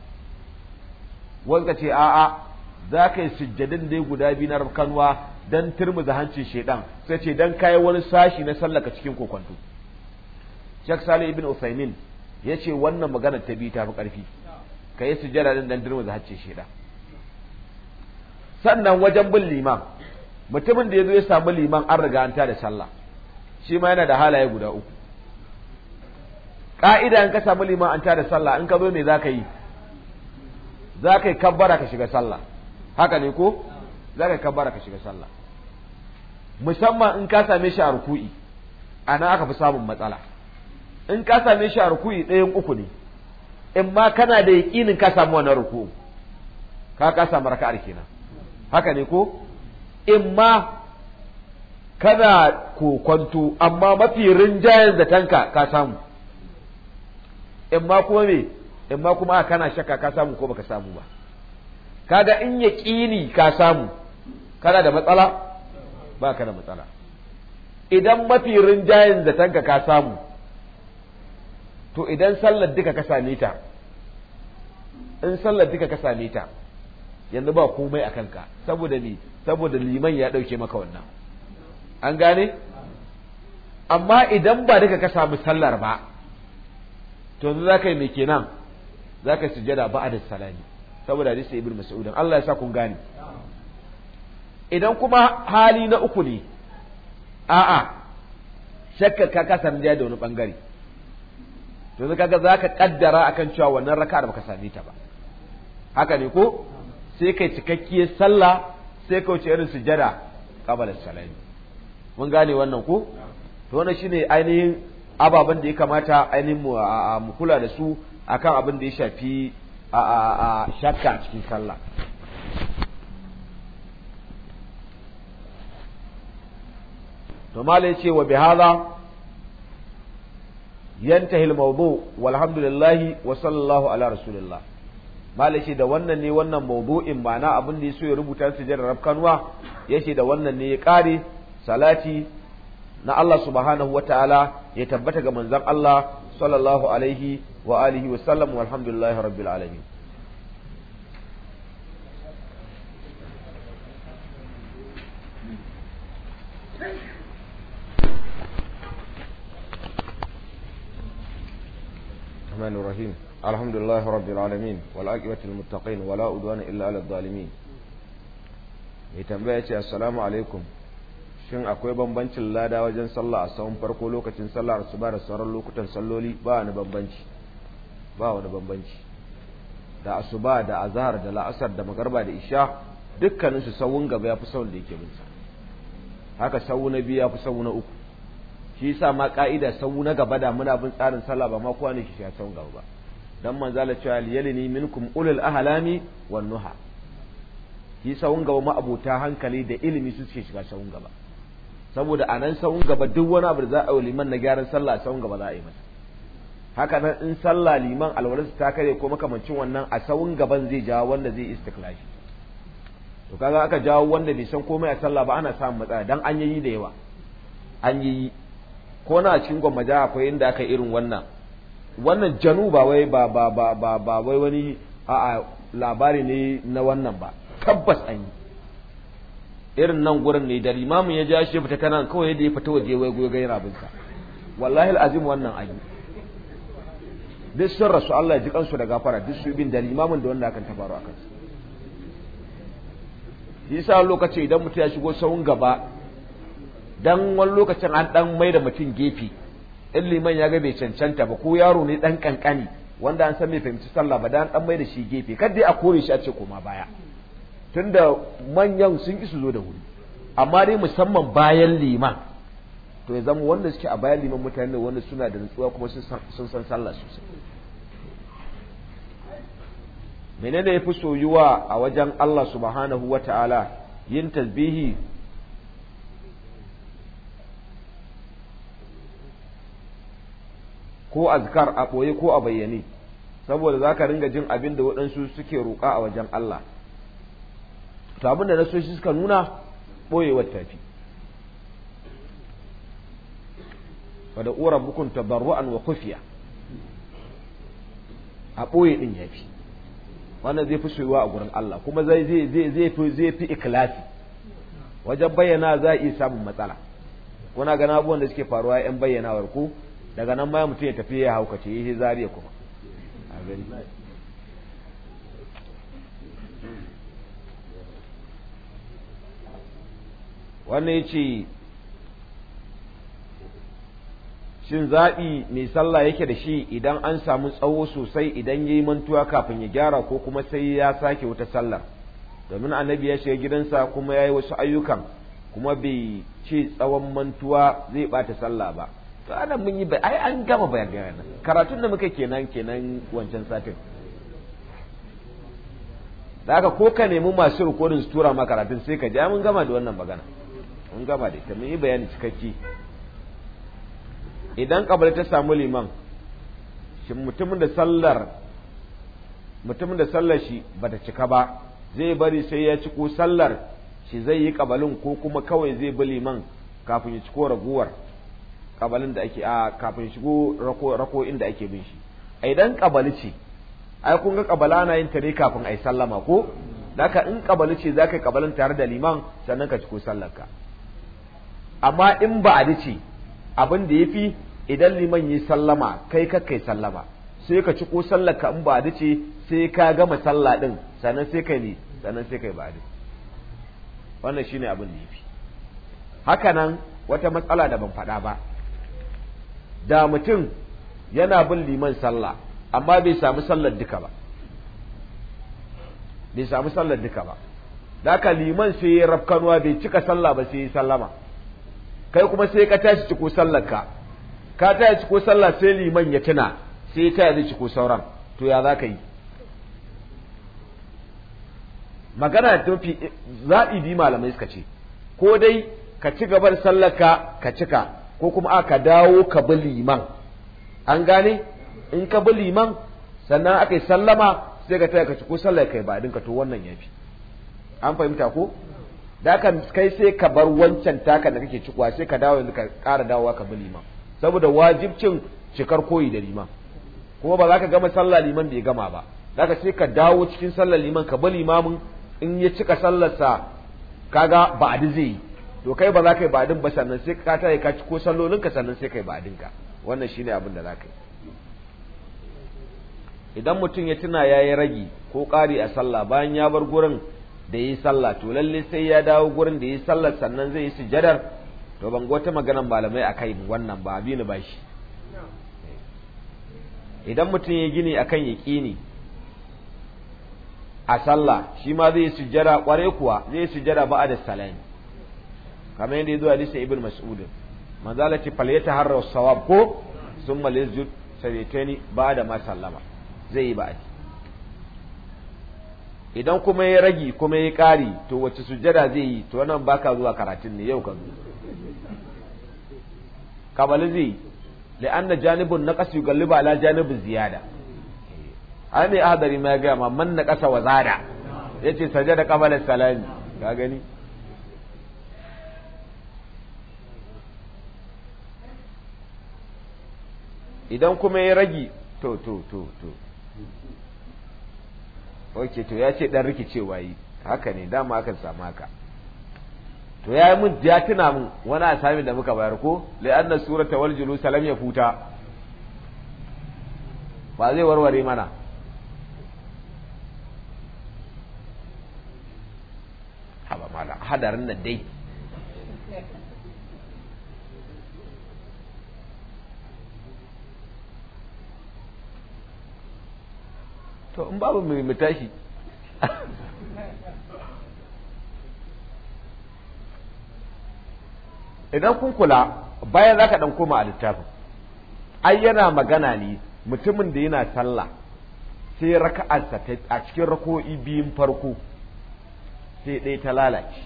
wasu ce a'a za ka yi sujjadin da guda biyu na rafkanwa dan turmuza hancin shaidan sai ce dan kai wani sashi na sallaka cikin kokonto Sheikh Salih ibn Uthaymeen ya ce wannan magana ta bi ta fi ƙarfi ka yi sujjada din dan turmuza hancin shaidan sannan wajen bin liman mutumin da ya zo ya samu liman an riga an da sallah shi ma yana da halaye guda uku ka'ida in ka samu liman an da sallah in ka zo me za ka yi za ka yi kabbara ka shiga sallah haka ne ko za ka kabbara ka shiga sallah musamman in ka same shi a ruku'i ana aka fi samun matsala in ka same shi a ruku'i ɗayan uku ne in ma kana da yaƙinin ka samu wannan ruku'u ka ka samu raka'ar kenan haka ne ko in ma kana kokonto amma mafi rinjayen zatanka ka samu in ma kuma me in ma kuma kana shakka ka samu ko baka samu ba kaga in yaqini ka samu kana da matsala ba ka da matsala idan mafi rinjayen zatanka ka samu to idan sallar duka ka same ta in sallar duka ka same ta yanzu ba komai a kanka saboda ni saboda liman ya ɗauke maka wannan an gane amma idan ba duka ka samu sallar ba to yanzu za ka yi mai kenan za ka sujada ba a da salami saboda hadisin ibn mas'ud Allah ya sa kun gane idan kuma hali na uku ne a'a shakka ka ka samu da wani bangare to sai kaga zaka kaddara akan cewa wannan raka'a baka same ta ba haka ne ko sai kai cikakkiye sallah sai kauce wuce irin sujada qabala salami mun gane wannan ko to wannan shine ainihin ababen da ya kamata ainihin mu kula da su akan abin da ya shafi a shakka a cikin sallah to mala yace wa bihadha yantahi al-mawdu walhamdulillah wa sallallahu ala rasulillah mala yace da wannan ne wannan mawdu'in ma'ana abin da yaso ya rubuta su jar rafkanwa yace da wannan ne ya kare salati na Allah subhanahu wataala ta'ala ya tabbata ga manzon Allah صلى الله عليه وآله وسلم والحمد لله رب العالمين الرحمن الرحيم الحمد لله رب العالمين والعاقبة للمتقين ولا أدوان إلا على الظالمين يتنبأ السلام عليكم shin akwai bambancin lada wajen sallah a sahun farko lokacin sallah su ba da sauran lokutan salloli ba wani bambanci ba wani bambanci da asuba da azhar da la'asar da magarba da isha dukkanin su sawun gaba yafi sawun da yake binsa haka sawu na biyu yafi sawu na uku shi yasa ma ka'ida sawu na gaba da muna bin tsarin sallah ba ma kowa ne shi ya sawun gaba ba dan manzo Allah cewa yalini minkum ulul ahlami wan nuha shi sawun gaba ma abota hankali da ilimi su suke shiga sawun gaba saboda a nan sahun gaba duk wani abu da za a yi liman na gyaran sallah sahun gaba za a yi masa haka nan in sallah liman alwalarsa ta kare ko makamancin wannan a sahun gaban zai jawo wanda zai istiklashi to kaga aka jawo wanda bai san komai a sallah ba ana samun matsala dan an yi da yawa an yi ko na cikin ja akwai inda aka irin wannan wannan janu ba wai ba ba ba ba wai wani a'a labari ne na wannan ba tabbas an yi irin nan gurin ne da limamin ya ja shi fita kanan kawai yadda ya fita waje wai goyi gaira abinsa wallahi al'azim wannan ayi duk sun rasu Allah ya ji kansu da gafara duk su bin da limamin da wanda akan tabaru akan su shi yasa lokaci idan mutum ya shigo sahun gaba dan wani lokacin an dan mai da mutum gefe in liman ya ga bai cancanta ba ko yaro ne dan kankani wanda an san mai fahimci sallah ba dan dan mai da shi gefe kada a kore shi a ce koma baya tunda manyan sun isu zo da wuri amma dai musamman bayan liman to ya zama wanda suke a bayan liman mutane ne wanda suna da nutsuwa kuma sun san sallah sosai menene ya fi soyuwa a wajen Allah subhanahu wa ta'ala yin tasbihi ko azkar a ɓoye ko a bayyane saboda za ka ringa jin abin da waɗansu suke roƙa a wajen Allah to abin da nasoshi suka nuna ɓoyewar tafi wadda uwar bukun tabarru'an wa kufiya a ɓoye ɗin ya fi wannan zai fi soyuwa a gurin Allah kuma zai fi zai fi ikilasi wajen bayyana za a iya samun matsala kuna gana abubuwan da suke faruwa yan bayyanawar ku daga nan bayan mutum ya tafi ya haukace ya zariya kuma a wanda ya ce shin zaɓi mai sallah yake da shi idan an samu tsawo sosai idan ya yi mantuwa kafin ya gyara ko kuma sai ya sake wata sallar domin annabi ya shiga gidansa kuma ya yi wasu ayyukan kuma bai ce tsawon mantuwa zai ɓata sallah ba to ana mun yi ai an gama nan karatun da muka kenan kenan wancan satin da aka ko ka nemi masu rikodin su tura ma sai ka ji mun gama da wannan magana mun gama da ita mun bayani cikakke idan kabari ta samu liman shi mutumin da sallar mutumin da sallar shi ta cika ba zai bari sai ya ci ko sallar shi zai yi kabalin ko kuma kawai zai bi liman kafin ya ci raguwar kabalin da ake a kafin shigo rako inda ake bin shi a idan kabali ce ai kun ga kabala na yin tare kafin ai sallama ko daka in kabali ce zaka kabalin tare da liman sannan ka ciko ko sallar ka amma in ba a dace abin da fi idan liman yi sallama kai ka kai sallama sai ka ci ko sallar in ba a dace sai ka gama salla din sannan sai kai ne sannan sai kai ba a dace wannan shine abin da ya haka nan wata matsala da ban faɗa ba da mutum yana bin liman sallah amma bai samu sallar duka ba bai samu sallar duka ba da haka liman sai ya rafkanuwa bai cika sallah ba sai ya sallama kai kuma sai ka tashi ciko sallar ka tashi ciko sallar sai liman ya tuna sai ta yi ciko sauran to ya za ka yi magana da tafi eh, zaɓi bi malamai suka ce ko dai ka ci gabar sallar ka ka cika ko kuma aka dawo ka bi liman an gane in ka bi liman sannan aka yi sallama sai ka taya ka ci sallar kai ba dinka to wannan yafi an fahimta ko da aka kai sai ka bar wancan taka da kake cikuwa sai ka dawo ka ƙara dawowa ka bi liman saboda wajibcin cikar koyi da liman kuma ba za ka gama sallah liman bai gama ba Da ka sai ka dawo cikin sallar liman ka bi limamin in ya cika sallarsa kaga ba'adi zai yi to kai ba za ka yi ba'adin ba sannan sai ka tare ka ci ko sallolin ka sannan sai ka yi ba'adin ka wannan shine abin da za ka yi idan mutum ya tuna ya yi ragi ko ƙari a sallah bayan ya bar gurin da yi sallah to lalle sai ya dawo gurin da yi sallah sannan zai yi sujadar to ban wata maganan malamai a kai wannan ba abin ba shi, idan mutum ya gini akan yaqini a sallah shi ma zai yi sujada kware kuwa zai yi ba ba'a da salami kamar yadda ya zo hadisi ibn mas'ud manzo Allah ce fal yataharra sawab ko summa lisjud ba ba da ma sallama zai yi ba'adi idan kuma ya ragi kuma ya ƙari to wacce sujjada zai yi to nan baka zuwa karatun ne yau ka zo kabali zai na janibun naqas yugalliba ala janibin ziyada eh. an ne ahadari ma ya gaya ma man ƙasa wa zada yace sajada qabala salami ka gani idan kuma ya ragi to to to to ok to ya ce dan rikice wayi haka ne dama akan samu haka to ya yi mun ya tuna mun wani asamin da muka bayar ko na surar ta julus salam ya futa ba zai warware mana haba mala hadarin nan dai to in babu mai mutashi idan kun kula bayan zaka dan koma a littafin ai yana magana ne mutumin da yana sallah sai raka'arsa a cikin rako'i biyun farko sai ɗaya ta lalace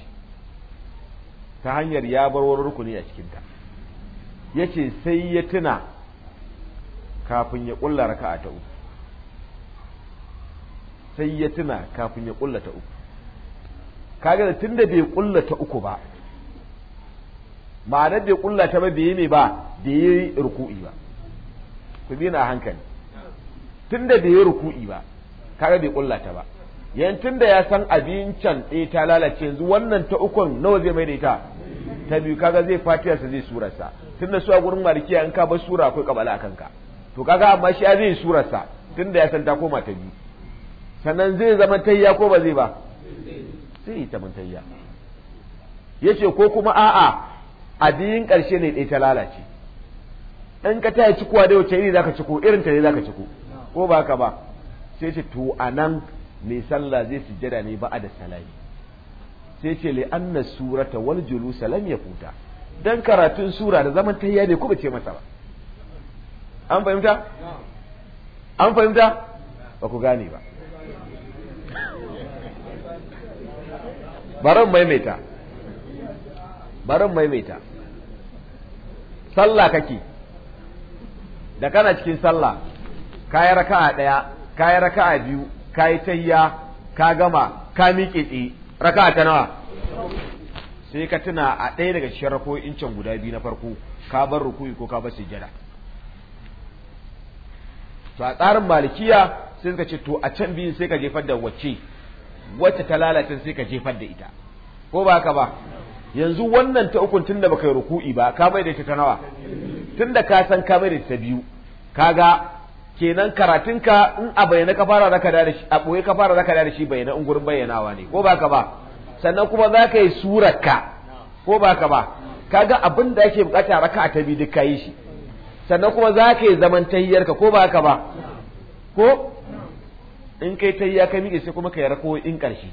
ta hanyar ya bar wani rukuni a cikinta ya ce sai ya tuna kafin ya ƙulla raka'a ta uku sai ya tuna kafin ya kullata uku kaga da tunda bai kullata uku ba ma'anar bai kullata ba bai yi mai ba ya yi ruku'i ba ku bi na hankali tunda bai yi ruku'i ba kaga bai kullata ba yan tunda ya san abincin ɗaya ta lalace yanzu wannan ta ukun nawa zai mai da ita ta biyu kaga zai fatiya sa zai surarsa tunda su a gurin mariki an ka bar sura akwai kabala a kanka to kaga amma shi ya zai surarsa tunda ya san ta koma ta biyu sannan zai zama tayya ko ba zai ba sai ta mutayya tayya yace ko kuma a'a adiyin ƙarshe ne dai ta lalace ɗan ka taya cikuwa da wace iri zaka ciko irin ta ne zaka ciko ko ba ka ba sai ce to anan mai sallah zai sujjada ne a da salami sai ce li anna surata wal julusa lam yafuta dan karatun sura da zaman tayya ne ba ce masa ba an fahimta an fahimta ba ku gane ba Barin maimaita baran maimaita sallah kake da kana cikin sallah kayi raka'a ɗaya kayi raka'a biyu kayi tayya ka gama ka miƙe tsaye raka'a ta nawa sai ka tuna a ɗaya daga cikin rako'in can guda biyu na farko ka bar rukuyi ko ka bar sujada to a tsarin malikiya sai suka ce to a can biyun sai ka jefar da wacce wacce ta lalace sai ka jefar da ita ko ba ka ba yanzu wannan ta ukun da baka yi ruku'i ba ka mai da ita ta nawa da ka san ka mai da ta biyu kaga kenan karatunka in a bayyana ka fara zaka da shi a boye ka fara zaka da shi bayyana in gurin bayyanawa ne ko ba ka ba sannan kuma zaka yi surarka ko ka ba kaga abin da yake bukata raka ta bi duk yi shi sannan kuma zaka yi zaman tahiyyarka ko ka ba ko in kai ta yi ya kai miƙe sai kuma ka yi in ƙarshe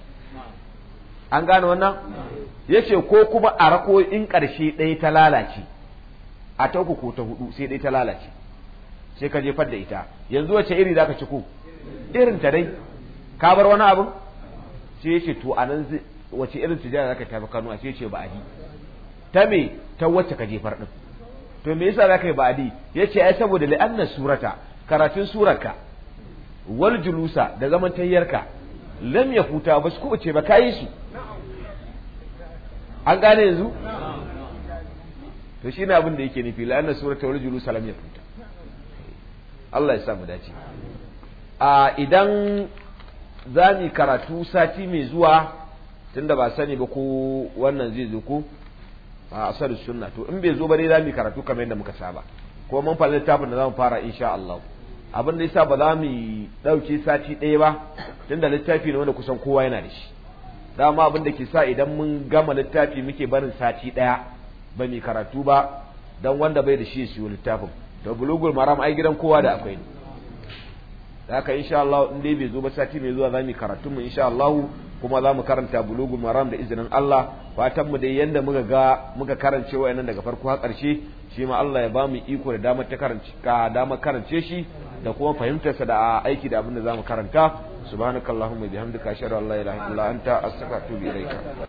an gane wannan ya ce ko kuma a in ƙarshe ɗaya ta lalace a ta uku ko ta hudu sai ɗaya ta lalace sai ka jefar da ita yanzu wace iri za ka ci ko irin ta dai ka bar wani abin sai ya ce to a nan wace irin tijara za ka tafi kano a sai ya ce ba'adi ta me ta wacce ka jefar ɗin? to me yasa za ka yi ba'adi ya ce ai saboda la'annan surata karatun surarka wal julusa da zaman tayyarka lam ya huta ba su kuɓuce ba kayi su an gane yanzu to shi na abin da yake nufi la'anna surata wal julusa lam ya huta Allah ya sa mu dace a idan za mu karatu sati mai zuwa tunda ba sani ba ko wannan zai zo ko a asar sunna to in bai zo ba ne za mu karatu kamar yadda muka saba ko mun fara littafin da za mu fara insha Allah abin da ya sa ba za mu ɗauke sati ɗaya ba tun da littafi na wanda kusan kowa yana da shi dama abin da ke sa idan mun gama littafi muke barin sati ɗaya ba mu karatu ba don wanda bai da shi ya siyo littafin to bulugul maram ai gidan kowa da akwai ne haka insha Allah in dai bai zo ba sati mai zuwa za mu karatu mu insha Allah kuma za mu karanta bulugul maram da izinin Allah fatan mu dai yanda muka ga muka karance wayannan daga farko har karshe shi ma Allah ya bamu iko da damar ta karance ka damar karance shi da kuma fahimtarsa da aiki da abin da mu karanta subhanakallahumma bihamdika ashhadu an la ilaha illa anta astaghfiruka wa atubu ilaika